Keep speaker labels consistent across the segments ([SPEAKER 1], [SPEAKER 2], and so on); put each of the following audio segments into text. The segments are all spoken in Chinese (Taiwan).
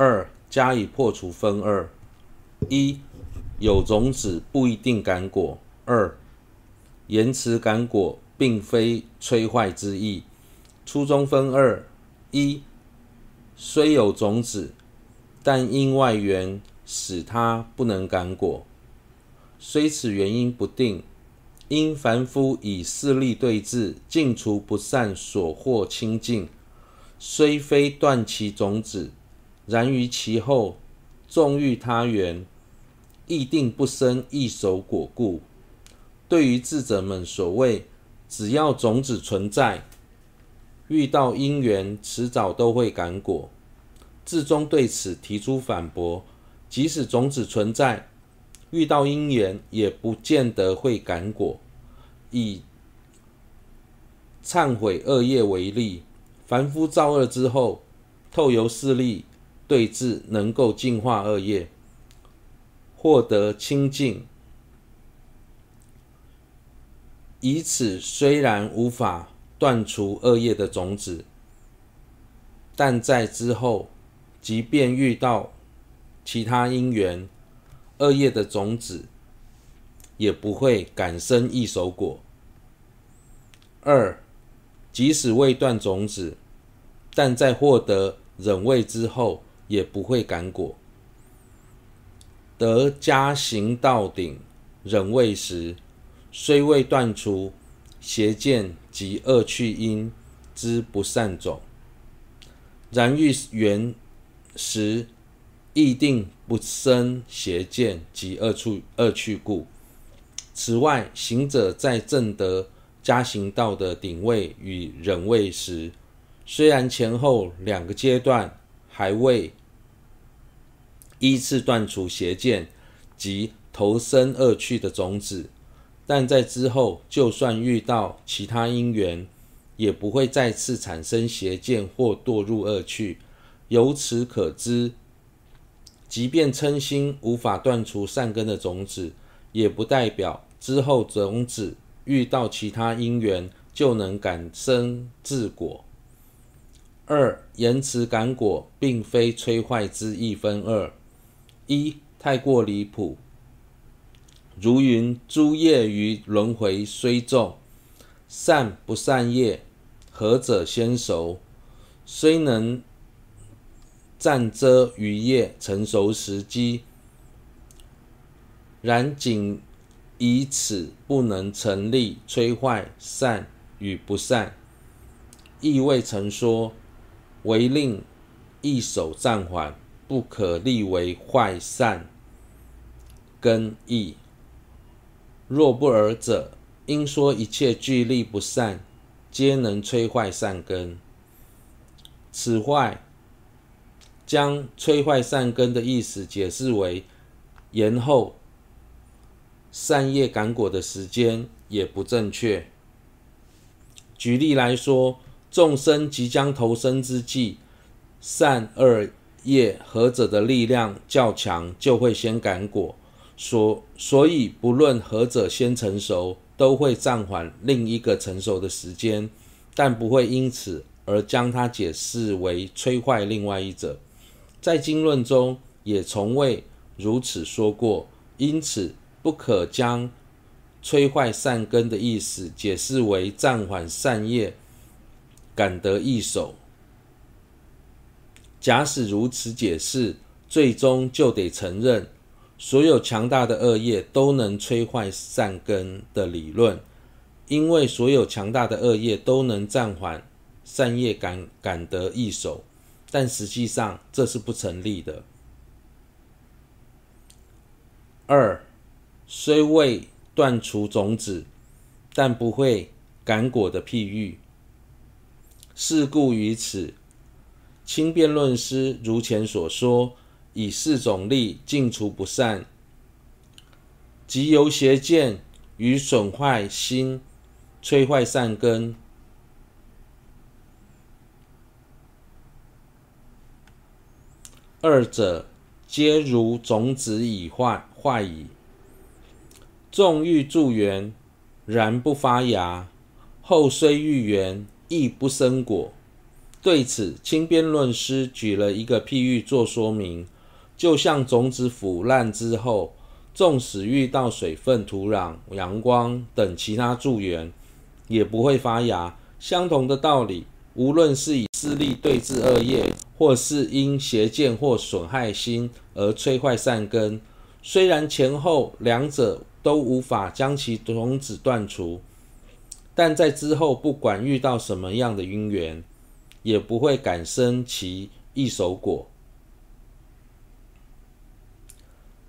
[SPEAKER 1] 二、加以破除分二一、有種子不一定感果，二、延遲感果並非摧壞之意。初中分二一、雖有種子，但因外緣使它不能感果。雖此原因不定，因凡夫以勢力對治，盡除不善所獲清淨，雖非斷其種子。然於其後，縱遇他緣，亦定不生，已受果故。對於智者們所謂“只要種子存在，遇到因緣，遲早都會感果”，智中對此提出反駁：即使種子存在，遇到因緣，也不見得會感果。以懺悔惡業為例，凡夫造惡之後，透由勢力。對治能夠淨化惡業，獲得清淨。以此雖然無法斷除惡業的種子，但在之後，即便遇到其他因緣，惡業的種子也不會感生異熟果。二，即使未斷種子，但在獲得忍位之後。也不會感果。得加行道頂忍位時，雖未斷除邪見及惡趣因之不善種，然欲緣時亦定不生邪見及惡趣惡趣故。此外，行者在正得加行道的頂位與忍位時，雖然前後兩個階段還未。依次斷除邪見及投生惡趣的種子，但在之後就算遇到其他因緣，也不會再次產生邪見或墮入惡趣。由此可知，即便瞋心無法斷除善根的種子，也不代表之後種子遇到其他因緣就能感生自果。二、延遲感果，並非摧壞之一分二。一、太過離譜，如云諸業於輪迴雖重，善不善業何者先熟？雖能暫遮餘業成熟時機，然僅以此不能成立摧壞善與不善，亦未曾說，唯令一手暫緩。不可立為壞善根義。若不爾者，應說一切具力不善，皆能摧壞善根。此外將摧壞善根的意思解釋為延後善業感果的時間，也不正確。舉例來說，眾生即將投生之際，善惡業，何者的力量較強，就會先感果，所所以不論何者先成熟，都會暫緩另一個成熟的時間，但不會因此而將它解釋為摧壞另外一者。在經論中也從未如此說過，因此不可將摧壞善根的意思解釋為暫緩善業感得異熟。假使如此解釋，最終就得承認，所有強大的惡業都能摧壞善根的理論，因為所有強大的惡業都能暫緩善業感感得異熟，但實際上這是不成立的。二，雖未斷除種子，但不會感果的譬喻，是故於此。輕辯論師如前所說，以四種力盡除不善，即由邪見與損壞心、摧壞善根，二者皆如種子已壞壞矣。縱欲助緣，然不發芽；後雖遇緣，亦不生果。對此，清辯論師舉了一個譬喻做說明，就像種子腐爛之後，縱使遇到水分、土壤、陽光等其他助緣，也不會發芽。相同的道理，無論是以私利對治惡業，或是因邪見或損害心而摧壞善根，雖然前後兩者都無法將其種子斷除，但在之後不管遇到什麼樣的因緣。也不會感生其異熟果。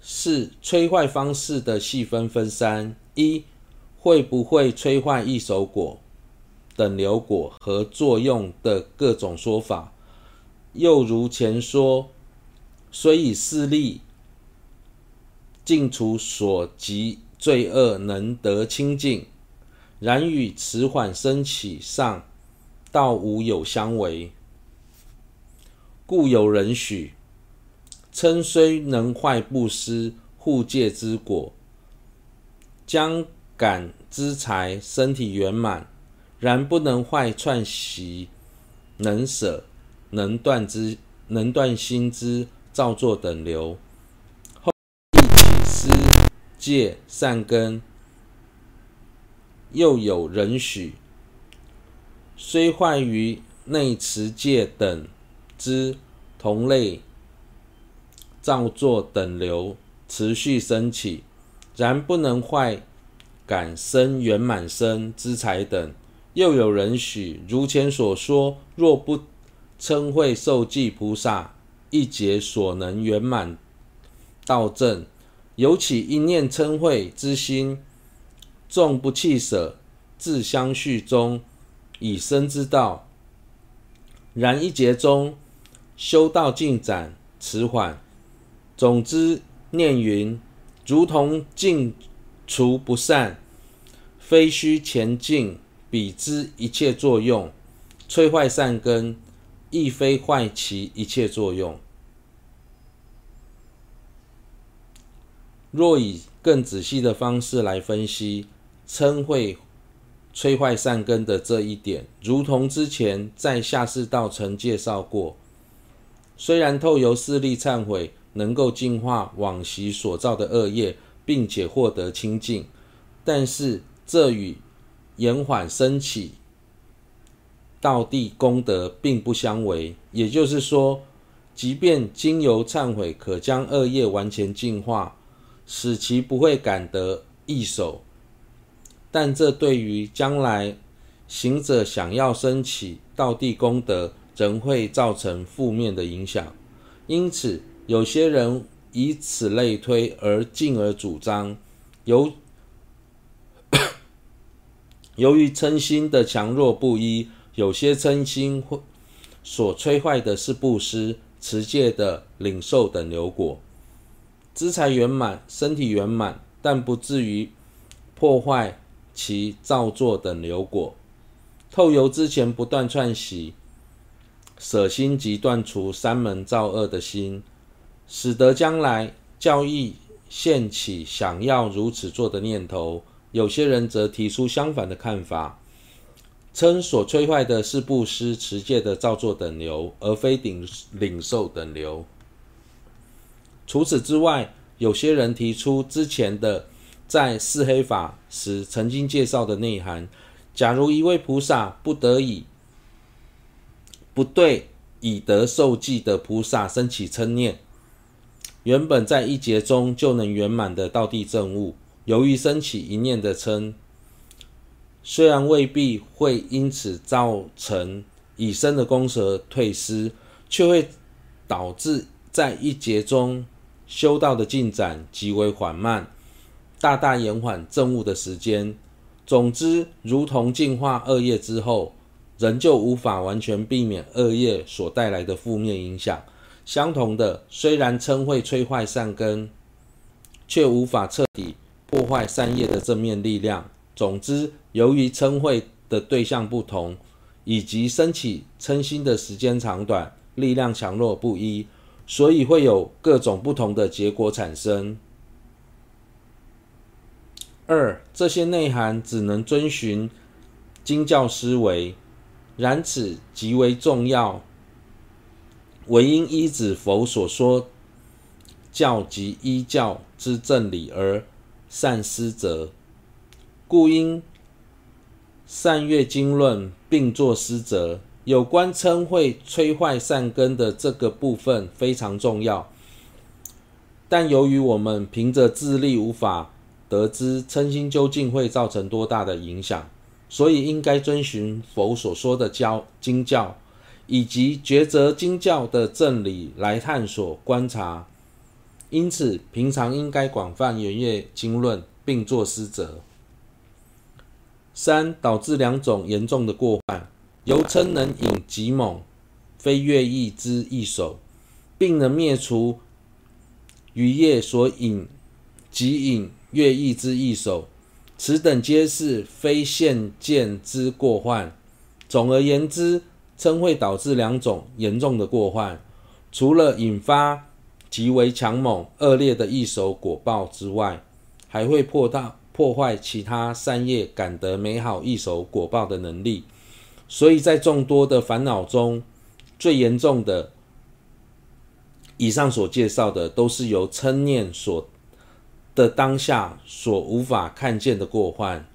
[SPEAKER 1] 四、摧壞方式的細分分三：一、會不會摧壞異熟果？等流果和作用的各種說法。又如前說，雖以勢力盡除所集罪惡，能得清淨，然於遲緩生起上。道無有相違，故有人許，稱雖能壞不施護戒之果，將感資財身體圓滿，然不能壞串習，能捨能斷之能斷心之造作等流，後亦起施戒善根，又有人許。雖壞於內持戒等之同類造作等流持續升起，然不能壞感生圓滿生資財等。又有人許如前所說，若不瞋恚受記菩薩一劫所能圓滿道證，由起一念瞋恚之心，眾不棄舍，自相續中。以生之道，然一劫中修道進展遲緩。總之，念云如同淨除不善，非虛前進，彼之一切作用，摧壞善根，亦非壞其一切作用。若以更仔細的方式來分析，稱會。摧壞善根的這一點，如同之前在下士道曾介紹過。雖然透由四力懺悔，能夠淨化往昔所造的惡業，並且獲得清淨，但是這與延緩升起道地功德並不相違。也就是說，即便經由懺悔可將惡業完全淨化，使其不會感得異熟。但這對於將來行者想要升起道地功德，仍會造成負面的影響。因此，有些人以此類推，而進而主張，由 由於嗔心的強弱不一，有些嗔心會所摧壞的是布施、持戒的領受等流果，資財圓滿、身體圓滿，但不至於破壞。其造作等流果，透由之前不斷串習，捨心即斷除三門造惡的心，使得將來教義現起想要如此做的念頭。有些人則提出相反的看法，稱所摧壞的是布施持戒的造作等流，而非頂領，領受等流。除此之外，有些人提出之前的。在四黑法時曾經介紹的內涵：假如一位菩薩不得已不對已得授記的菩薩生起嗔念，原本在一劫中就能圓滿的道地證悟，由於生起一念的嗔，雖然未必會因此造成已生的功德退失，卻會導致在一劫中修道的進展極為緩慢，大大延緩證悟的時間。總之，如同淨化惡業之後，人就無法完全避免惡業所帶來的負面影響。相同的，雖然瞋恚摧壞善根，卻無法徹底破壞善業的正面力量。總之，由於瞋恚的對象不同，以及升起瞋心的時間長短、力量強弱不一，所以會有各種不同的結果產生。二，這些內涵只能遵循經教思維，然此極為重要。唯因依止佛所說教及依教之正理而善思則，故應善閱經論，並作思則。有關稱會摧壞善根的這個部分非常重要，但由於我們憑着自力無法。得知瞋心究竟會造成多大的影響，所以應該遵循佛所說的教經教，以及抉擇經教的正理來探索觀察。因此，平常應該廣泛研閱經論，並作思擇。三、導致兩種嚴重的過患：由瞋能引極猛，非悅意之異熟，並能滅除餘業所引極引。悅意之異熟，此等皆是非現見之過患。總而言之，瞋會導致兩種嚴重的過患，除了引發極為強猛惡劣的異熟果報之外，還會破道破壞其他善業感得美好異熟果報的能力。所以在眾多的煩惱中，最嚴重的，以上所介紹的都是由瞋念所。的當下所無法看見的過患。